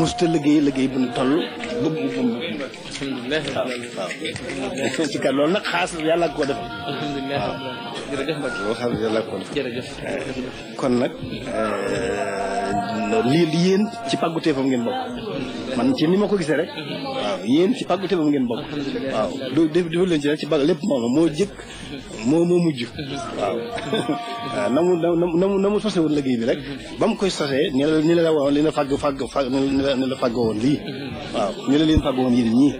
musta liggéey liggéey bu ñu toll bëgg ko waaw ci kat loolu nag xaas yàlla ko def alhamdulilah jërëjëf Mbacke jërëjëf kon nag euh, lii yéen ci pàgguteefam ngeen bokk man ci ni ma ko gisee rek waaw yéen ci pàgguteefam ngeen bokk waaw du defal leen ci rek ci bàgg lépp moom moo jëkk moo moo mujj waaw waaw na mu na mu na mu sose woon liggéey bi rek ba mu koy sosee ni la ni la woon li la fàgg fàgg fàgg ni la fag woon lii waaw ni la leen fàgg woon yéen ñii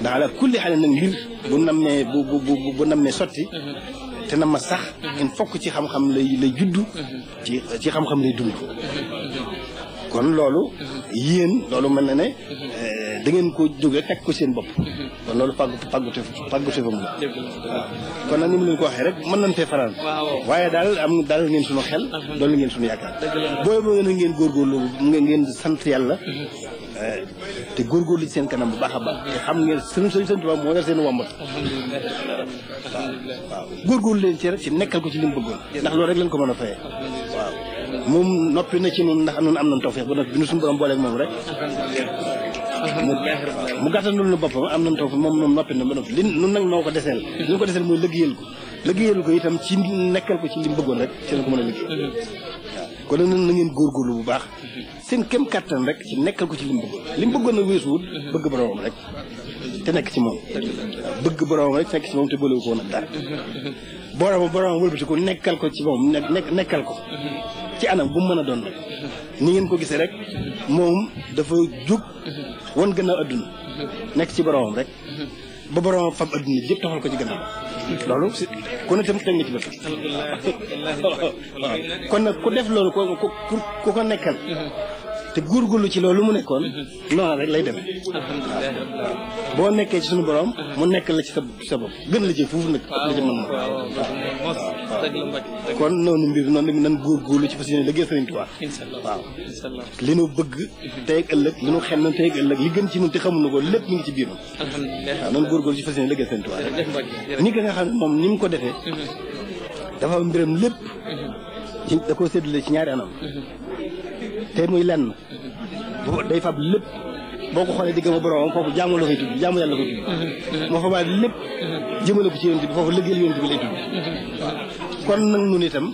ndax la kulli xale nag mbir bu nammee bu bu bu nammee sotti te na ma sax il fokk ci xam-xam lay lay juddu ci ci xam-xam lay dund kon loolu. yéen loolu mën na ne. Eh, da ngeen ko jóge teg ko seen bopp. kon loolu pàggu pàggute pàgguteefam la. waaw kon nag ni mu leen ko waxee rek mën nañ fee faral. waaye daal am daal ngeen suñu xel. doolu ngeen suñu yaakaar. dëgg booy boo ngeen ngeen góorgóorlu ngeen sant yàlla. Eh, te góorgóorlu ci seen kanam bu baax a baax. te xam ngeen seen seen seen tubaab moo yor seen wàmbat. waaw waaw góorgóorlu leen cere si ci nekkal ko ci li mu bëggoon. ndax loolu rek lañ ko mën a fayee waaw. moom noppi na ci nun ndax nun am nañ tawfeex ba noppi bi nu suñu borom booleeg moom rek mu gàttanul nu boppam am nañ tawfeex moom moom noppi na ba noppi li nun nag noo ko deseel li ko deseel mooy liggéeyal ko liggéeyal ko itam ci nekkal ko ci li mu bëggoon rek ci la ko mën a liggéey kon nag na ngeen góorgóorlu bu baax seen kem kàttan rek ci nekkal ko ci li mu bëggoon li mu bëggoon a weesuwul bëgg boromam rek te nekk ci moom bëgg boromam rek nekk ci moom te bëlewu ko woon ak dara boromam boromam wëlbati ko nekkal ko ci moom nekkal ko ci anam gu mu mën a doon ni ngeen ko gisee rek moom dafa jug wan gën a adduna nekk ci boromam rek ba boromam fam adduna jëpp taxal ko ci gën a loolu ku kon nag ku def loolu ku ko nekkal uhuh. te góorgóorlu ci loolu mu nekkoon. noonu rek lay demee. boo nekkee ci suñu borom. mu nekk la ci sa sa bopp gën la ci fuuf nag. la ci kon noonu mbir noonu la ñu nan góorgóorlu ci fas yéene liggéey Sëriñ Tuubaa. incha allah waaw li nu bëgg. tey ak ëllëg li nu xel na tey ak ëllëg li gën ci ñun te xamuñu ko lépp mi ngi ci biiram. alhamdulilah waaw nan góorgóorlu ci fas yéene liggéey Sëriñ Tuubaa. ni nga xam ne moom ni mu ko defee. Mm-hmm. dafa am mbiram lépp. Mm-hmm. da koo séddale ci ñaari anam mm-hmm. te muy lenn day fab lépp boo ko xoolee diggam a boromam foofu jaamu la koy tudd jaamu yàlla koy tudd moo lépp jëmale bi foofu bi lay tudd waaw kon nag nun itam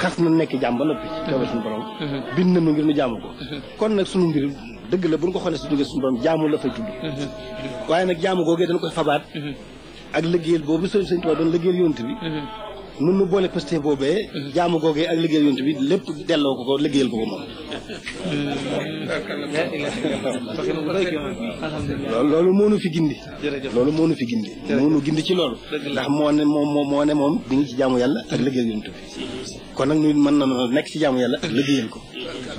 xas na nekk jaam ba noppi toogal suñu borom bind na nu ngir nu jaamu kon nag suñu mbir dëgg la bu ñu ko xoolee suñu ngir suñu borom jaamu la fay tudd waaye nag jaamu googee dañ koy fabaat ak liggéeyal boobu sëñ sëñ Tuubaa doon liggéeyal yonent bi nun nu boole pëste boobee jaamu googee ak liggéey yonent bi lépp delloo ko ko liggéeyal ko ko moom loolu moo nu fi gindi loolu moo nu fi gindi moo nu gindi ci loolu ndax moo ne moom moo ne moom di ngi ci jaamu yàlla ak liggéeyal yonent bi kon nag nu mën na nekk ci jaamu yàlla ak liggéeyal ko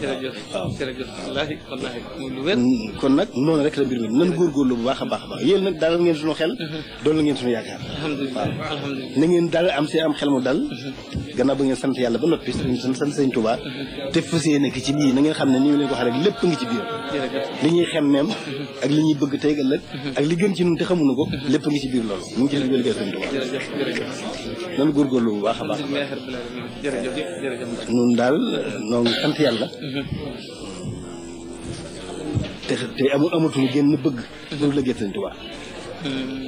jërëjëf jërëjëf wallaahi wallaahi muy lu wér mm, kon nag noonu rek la mbir mi nan góorgóorlu bu baax a baax a baax yéen nag daal ngeen suñu xel uh-huh. doon la ngeen suñu yaakaar alhamdulilah alhamdulilah na ngeen daal am si am xel mu dal uh-huh. gannaaw ba ngeen sant yàlla ba noppi sant sant sëñ Touba te fas yéene ki ci biir na ngeen xam ne ni ñu leen ko waxee lépp ngi ci biir li ñuy xemmeem ak li ñuy bëgg tey ëllëg ak gën ci ñun te xamuñu ko lépp ngi ci biir loolu mu ngi ci biir liggéey sëñ bu baax a baax nun daal noo ngi sant yàlla te te amul amatuñu génn bëgg loolu la gën sëñ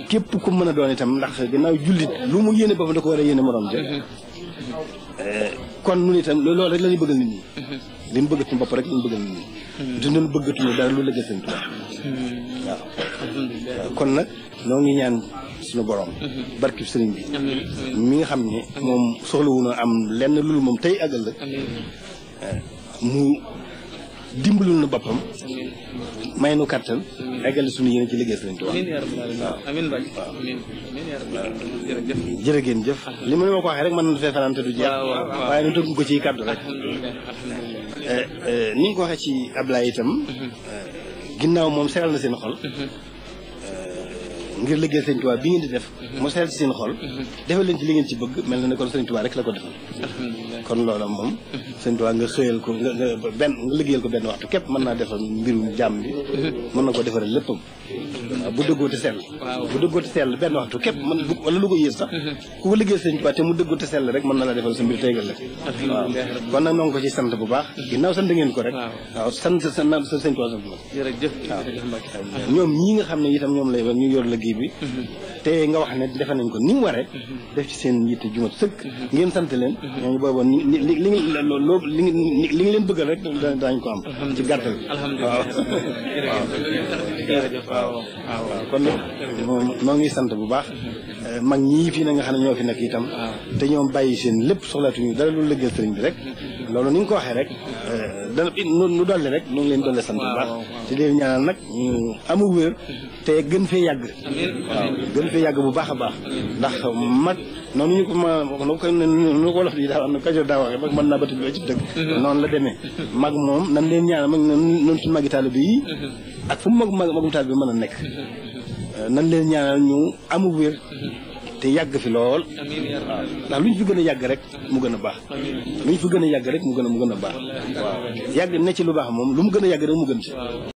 képp ku mën a doon itam ndax gannaaw jullit lu mu yéene boppam da ko war a yéene morom ja hmm. kon nun itam loolu rek la ñuy bëggal nit ñi. Mhm. li mu bëgg suñu bopp rek la ñu bëggal nit ñi. Mhm. dinañ bëggatuñu dara lu lëggal seen tubaab. waaw kon nag noo ngi ñaan suñu borom. Mhm. barkib sëriñ bi. mi nga xam ne moom soxlawu am lenn loolu moom tey àggal la. mu dimbalu nu boppam may nu kàttan eggale suñu yéene ci liggéey sëriñ Tuubaa amiin waaw waaw jëf li ma ko waxee rek ma na fee fanaan te du jeex waaye nu tëgg ko ciy kàddu rek eh, eh, ni ko waxee ci Ablaye itam mhm. eh, ginnaaw moom seral na seen xol mhm. ngir liggéey sëñ Tuubaa bi ngeen di def mu seet seen xol defal ci li ngeen ci bëgg mel na ne kon sëñ Tuubaa rek la ko defal kon loola moom sëñ Tuubaa nga xëyal ko nga benn ko benn waxtu képp mën naa defal mbirum jàmm bi mën na ko defaral léppam waaw bu dëggoo te sell bu dëggoo te benn waxtu képp mën wala lu ko yées sax ku ko liggéey sëñ Tuubaa te mu dëggoo te rek mën na la defal sa mbir tegal la waaw kon nag noo ko ci sant bu baax ginnaaw sant ngeen ko rek kii bi. te nga wax ne defe nañ ko ni waree. def ci seen yitte jumat sëkk. ngeen sant leen. ñooñu boobu li li li li li nga leen bëggal rek daañu ko am. ci gàttal. alhamdulilah waaw waaw waaw kon ngi sant bu baax. mag ñii fii na nga xam ne ñoo fi nekk itam. te ñoom bàyyi seen lépp soxlaatuñu dara lu lëggal sëriñ bi rek. loolu ni ko waxee rek. Eh, dana nu dolli rek nu ngi leen dolli sant bu baax. te nag ñu amu wér. gën fee yàgg. waaw gën yàgg bu baax a baax ndax mag noonu ñu ko ma nu ko nu ko am na kajoor daa waxee mag mën naa bëtt bi ci dëgg mhm. noonu la demee mag moom nan leen ñaan mag noonu suñu magi taalibe yi mhm. ak fu mu mag magum taalibe bi mën a nekk mhm. euh, nan leen ñaanal ñu amu wér te yàgg fi lool waaw ndax lu ñu fi gën a yàgg rek mu gën a baax lu ñu fi gën a yàgg rek mu gën a mu gën a baax waaw yàgg ne ci lu baax moom lu mu gën a yàgg rek mu gën ci